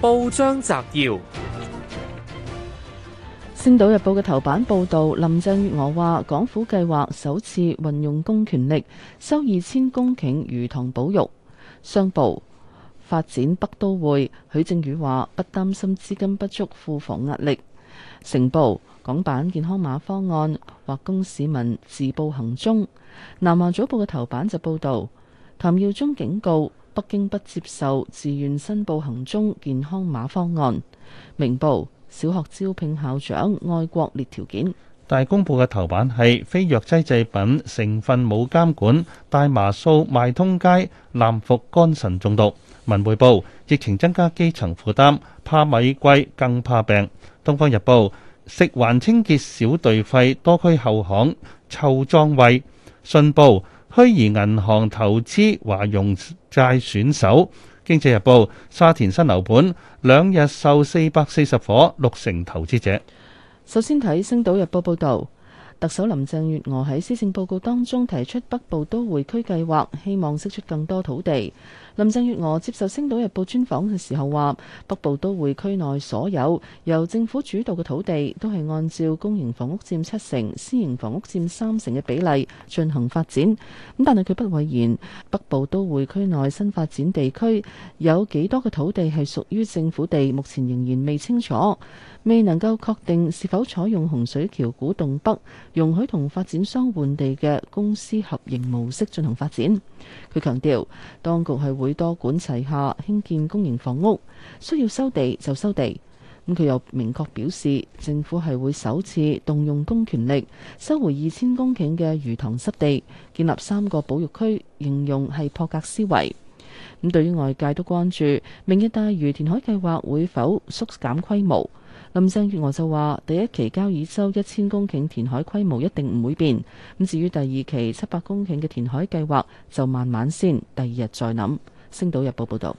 報章摘要：《星島日報》嘅頭版報道，林鄭月娥話港府計劃首次運用公權力收二千公頃魚塘保育。商報發展北都會，許正宇話不擔心資金不足庫房壓力；成報港版健康碼方案或供市民自報行蹤。南華早報嘅頭版就報道，譚耀宗警告。北京不接受自願申報行蹤健康碼方案。明報小學招聘校長愛國列條件。大公報嘅頭版係非藥劑製品成分冇監管，大麻素賣通街，濫服肝腎中毒。文匯報疫情增加基層負擔，怕米貴更怕病。東方日報食環清潔小隊廢多區後巷臭臟穢。信報。虛擬銀行投資華融債選手，《經濟日報》沙田新樓盤兩日售四百四十伙，六成投資者。首先睇《星島日報》報導，特首林鄭月娥喺施政報告當中提出北部都會區計劃，希望釋出更多土地。林鄭月娥接受《星島日報》專訪嘅時候話：北部都會區內所有由政府主導嘅土地，都係按照公營房屋佔七成、私營房屋佔三成嘅比例進行發展。咁但係佢不諱言北部都會區內新發展地區有幾多個土地係屬於政府地，目前仍然未清楚，未能夠確定是否採用洪水橋古洞北容許同發展商換地嘅公私合營模式進行發展。佢強調，當局係會多管齊下興建公營房屋，需要收地就收地。咁佢又明確表示，政府係會首次動用公權力收回二千公頃嘅魚塘濕地，建立三個保育區，應用係破格思維。咁、嗯、對於外界都關注明日大嶼填海計劃會否縮減規模，林鄭月娥就話：第一期交椅洲一千公頃填海規模一定唔會變。咁至於第二期七百公頃嘅填海計劃，就慢慢先，第二日再諗。《星島日報》報導，《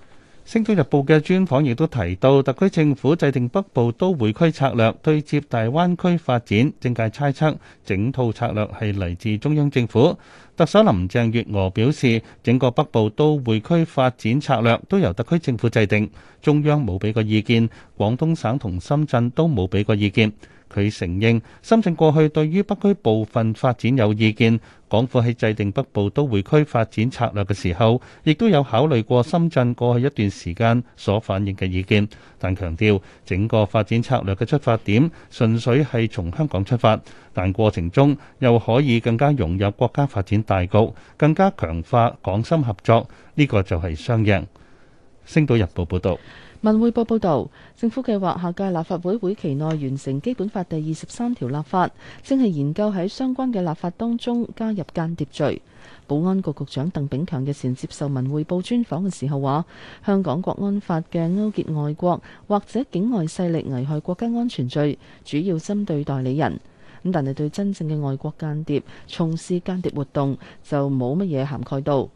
星島日報》嘅專訪亦都提到，特區政府制定北部都會區策略，對接大灣區發展。政界猜測，整套策略係嚟自中央政府。特首林鄭月娥表示，整個北部都會區發展策略都由特區政府制定，中央冇俾過意見，廣東省同深圳都冇俾過意見。佢承認深圳過去對於北區部分發展有意見，港府喺制定北部都會區發展策略嘅時候，亦都有考慮過深圳過去一段時間所反映嘅意見，但強調整個發展策略嘅出發點純粹係從香港出發，但過程中又可以更加融入國家發展大局，更加強化港深合作，呢個就係雙贏。星島日報報道。文匯報報道，政府計劃下屆立法會會期內完成《基本法》第二十三條立法，正係研究喺相關嘅立法當中加入間諜罪。保安局局長鄧炳強日前接受文匯報專訪嘅時候話，香港國安法嘅勾結外國或者境外勢力危害國家安全罪，主要針對代理人，咁但係對真正嘅外國間諜從事間諜活動就冇乜嘢涵蓋到。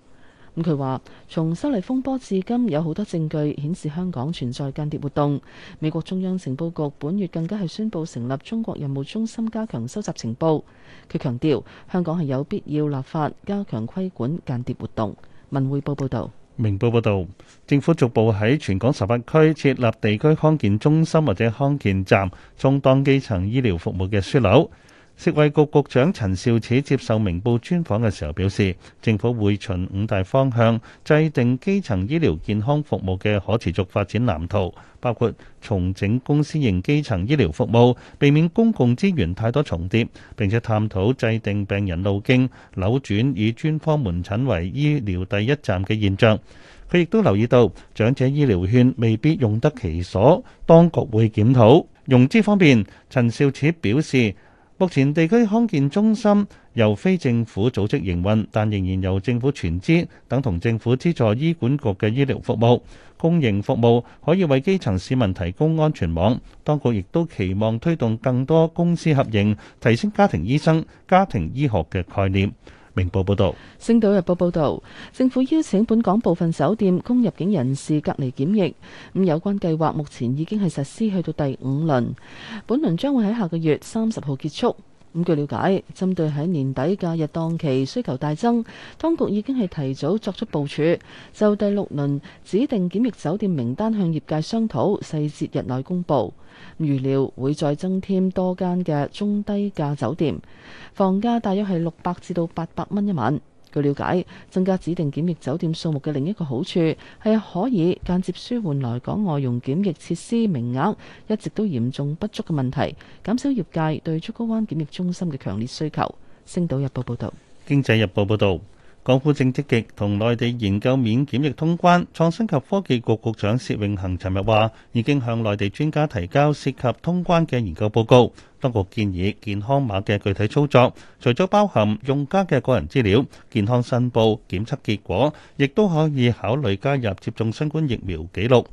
咁佢話：從修例風波至今，有好多證據顯示香港存在間諜活動。美國中央情報局本月更加係宣布成立中國任務中心，加強收集情報。佢強調香港係有必要立法加強規管間諜活動。文匯報報導，明報報道：政府逐步喺全港十八區設立地區康健中心或者康健站，充當基層醫療服務嘅樞紐。食衛局局長陳肇始接受明報專訪嘅時候表示，政府會循五大方向制定基層醫療健康服務嘅可持續發展藍圖，包括重整公私營基層醫療服務，避免公共資源太多重疊，並且探討制定病人路徑，扭轉以專科門診為醫療第一站嘅現象。佢亦都留意到長者醫療券未必用得其所，當局會檢討。融資方面，陳肇始表示。目前地區康健中心由非政府組織營運，但仍然由政府全資，等同政府資助醫管局嘅醫療服務。公營服務，可以為基層市民提供安全網。當局亦都期望推動更多公私合營，提升家庭醫生、家庭醫學嘅概念。明報報導。《星島日報》報導，政府邀請本港部分酒店供入境人士隔離檢疫。咁有關計劃目前已經係實施去到第五輪，本輪將會喺下個月三十號結束。咁據了解，針對喺年底假日檔期需求大增，當局已經係提早作出部署，就第六輪指定檢疫酒店名單向業界商討，細節日內公布。預料會再增添多間嘅中低價酒店，房價大約係六百至到八百蚊一晚。據瞭解，增加指定檢疫酒店數目嘅另一個好處係可以間接舒緩來港外傭檢疫設施名額一直都嚴重不足嘅問題，減少業界對竹篙灣檢疫中心嘅強烈需求。星島日報報道，經濟日報報道，港府正積極同內地研究免檢疫通關。創新及科技局局長薛永恒尋日話，已經向內地專家提交涉及通關嘅研究報告。當局建議健康碼嘅具體操作，除咗包含用家嘅個人資料、健康申報、檢測結果，亦都可以考慮加入接種新冠疫苗記錄。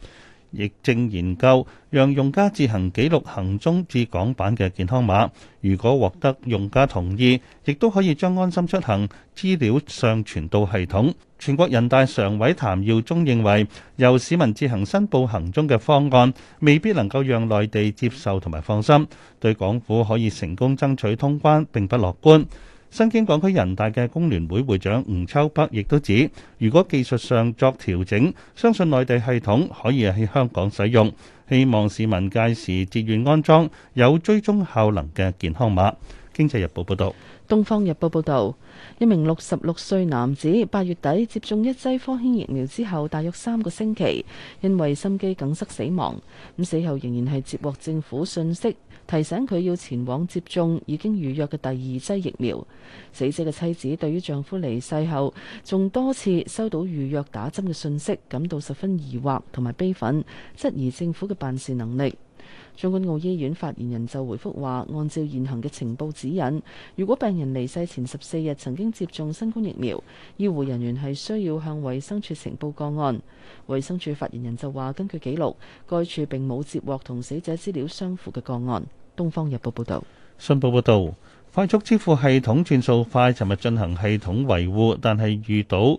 亦正研究讓用家自行記錄行蹤至港版嘅健康碼，如果獲得用家同意，亦都可以將安心出行資料上傳到系統。全國人大常委譚耀宗認為，由市民自行申報行蹤嘅方案，未必能夠讓內地接受同埋放心，對港府可以成功爭取通關並不樂觀。新晉港區人大嘅工聯會會長吳秋北亦都指，如果技術上作調整，相信內地系統可以喺香港使用。希望市民屆時自願安裝有追蹤效能嘅健康碼。經濟日報報道，東方日報報道，一名六十六歲男子八月底接種一劑科興疫苗之後，大約三個星期，因為心肌梗塞死亡。咁死後仍然係接獲政府訊息，提醒佢要前往接種已經預約嘅第二劑疫苗。死者嘅妻子對於丈夫離世後，仲多次收到預約打針嘅訊息，感到十分疑惑同埋悲憤，質疑政府嘅辦事能力。將軍澳醫院發言人就回覆話，按照現行嘅情報指引，如果病人離世前十四日曾經接種新冠疫苗，醫護人員係需要向衛生處呈報個案。衛生處發言人就話，根據記錄，該處並冇接獲同死者資料相符嘅個案。東方日報報道。信報報道，快速支付系統轉數快，尋日進行系統維護，但係遇到。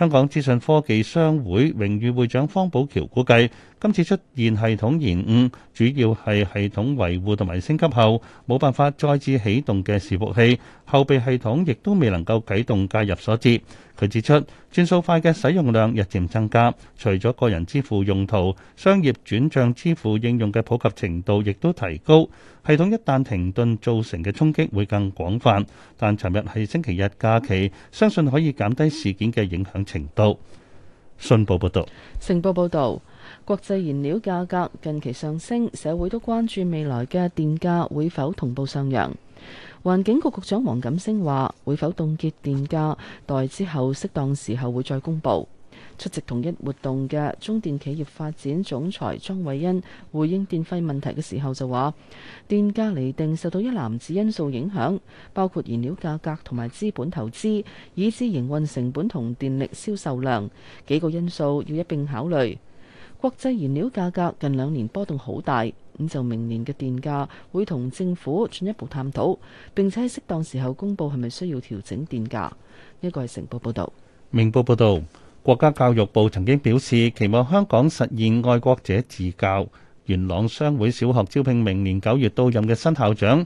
香港資訊科技商會榮譽會長方保僑估計，今次出現系統延誤，主要係系統維護同埋升級後冇辦法再次起動嘅伺服器，後備系統亦都未能夠啟動介入所致。佢指出，轉數快嘅使用量日漸增加，除咗個人支付用途，商業轉賬支付應用嘅普及程度亦都提高。系統一旦停頓，造成嘅衝擊會更廣泛。但尋日係星期日假期，相信可以減低事件嘅影響程度。信報報導，成報報導，國際燃料價格近期上升，社會都關注未來嘅電價會否同步上揚。環境局局長黃錦星話，會否凍結電價，待之後適當時候會再公布。出席同一活動嘅中電企業發展總裁莊偉恩回應電費問題嘅時候就話：電價釐定受到一籃子因素影響，包括燃料價格同埋資本投資，以至營運成本同電力銷售量幾個因素要一並考慮。國際燃料價格近兩年波動好大，咁就明年嘅電價會同政府進一步探討，並且喺適當時候公佈係咪需要調整電價。呢、呢個係成報報導，明報報導。國家教育部曾經表示，期望香港實現愛國者治教。元朗商會小學招聘明年九月到任嘅新校長，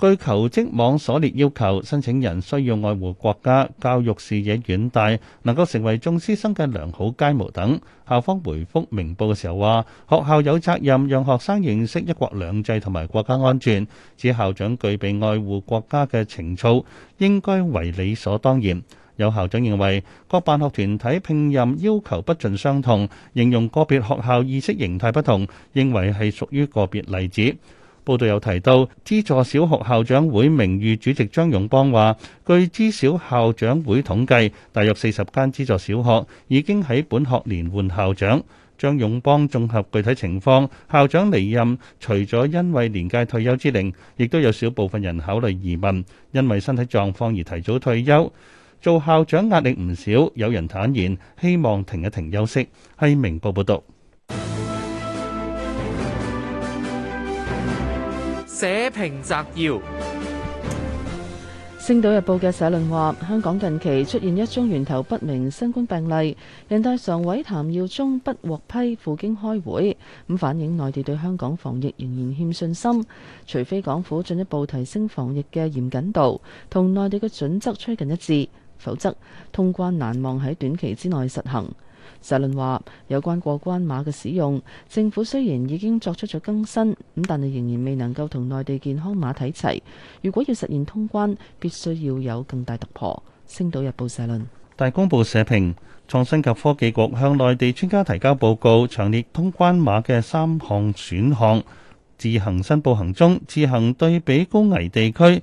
據求職網所列要求，申請人需要愛護國家、教育視野遠大、能夠成為眾師生嘅良好楷模等。校方回覆明報嘅時候話，學校有責任讓學生認識一國兩制同埋國家安全，指校長具備愛護國家嘅情操，應該為理所當然。有校長認為各辦學團體聘任要求不盡相同，形容個別學校意識形態不同，認為係屬於個別例子。報道又提到，資助小學校長會名譽主席張勇邦話，據資小校長會統計，大約四十間資助小學已經喺本學年換校長。張勇邦綜合具體情況，校長離任除咗因為年屆退休之齡，亦都有少部分人考慮移民，因為身體狀況而提早退休。做校長壓力唔少，有人坦言希望停一停休息。係明報報導，社評摘要。星島日報嘅社論話：香港近期出現一宗源頭不明新冠病毒病例，人大常委譚耀宗不獲批赴京開會，咁反映內地對香港防疫仍然欠信心，除非港府進一步提升防疫嘅嚴謹度，同內地嘅準則趨近一致。否則，通關難望喺短期之內實行。社論話有關過關碼嘅使用，政府雖然已經作出咗更新，咁但係仍然未能夠同內地健康碼睇齊。如果要實現通關，必須要有更大突破。星島日報社論大公報社評創新及科技局向內地專家提交報告，詳列通關碼嘅三項選項：自行申報行中、自行對比高危地區。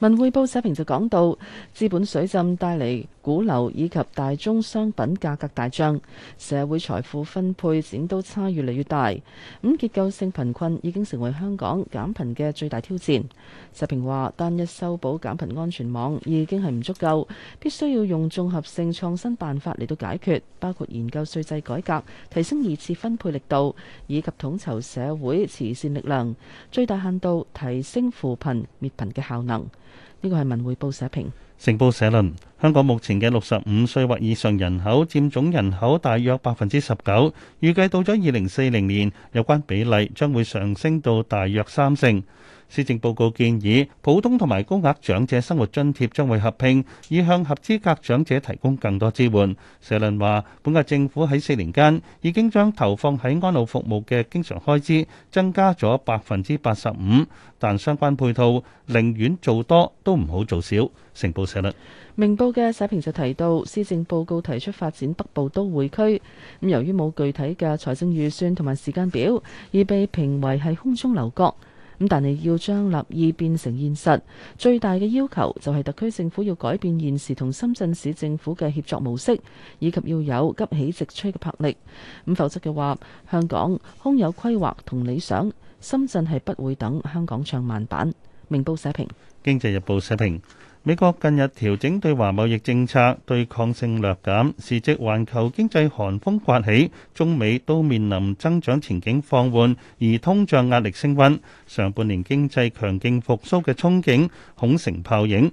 文匯報社評就講到，資本水浸帶嚟股樓以及大宗商品價格大漲，社會財富分配剪刀差越嚟越大，咁結構性貧困已經成為香港減貧嘅最大挑戰。社評話，單一修補減貧安全網已經係唔足夠，必須要用綜合性創新辦法嚟到解決，包括研究稅制改革、提升二次分配力度以及統籌社會慈善力量，最大限度提升扶貧滅貧嘅效能。呢個係文匯報社評。成報社論：香港目前嘅六十五歲或以上人口佔總人口大約百分之十九，預計到咗二零四零年，有關比例將會上升到大約三成。施政報告建議，普通同埋高額長者生活津貼將會合併，以向合資格長者提供更多支援。社論話，本屆政府喺四年間已經將投放喺安老服務嘅經常開支增加咗百分之八十五，但相關配套寧願做多都唔好做少。成報社論。明報嘅社評就提到，施政報告提出發展北部都會區，咁由於冇具體嘅財政預算同埋時間表，已被評為係空中樓閣。咁但係要將立意變成現實，最大嘅要求就係特區政府要改變現時同深圳市政府嘅協作模式，以及要有急起直追嘅魄力。咁否則嘅話，香港空有規劃同理想，深圳係不會等香港唱慢板。明報社評，《經濟日報》社評。美國近日調整對華貿易政策，對抗性略減。時值環球經濟寒風刮起，中美都面臨增長前景放緩，而通脹壓力升溫。上半年經濟強勁復甦嘅憧憬恐成泡影。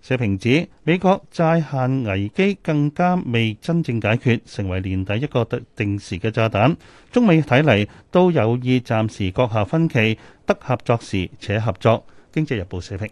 社評指美國債限危機更加未真正解決，成為年底一個定時嘅炸彈。中美睇嚟都有意暫時擱下分歧，得合作時且合作。經濟日報社評。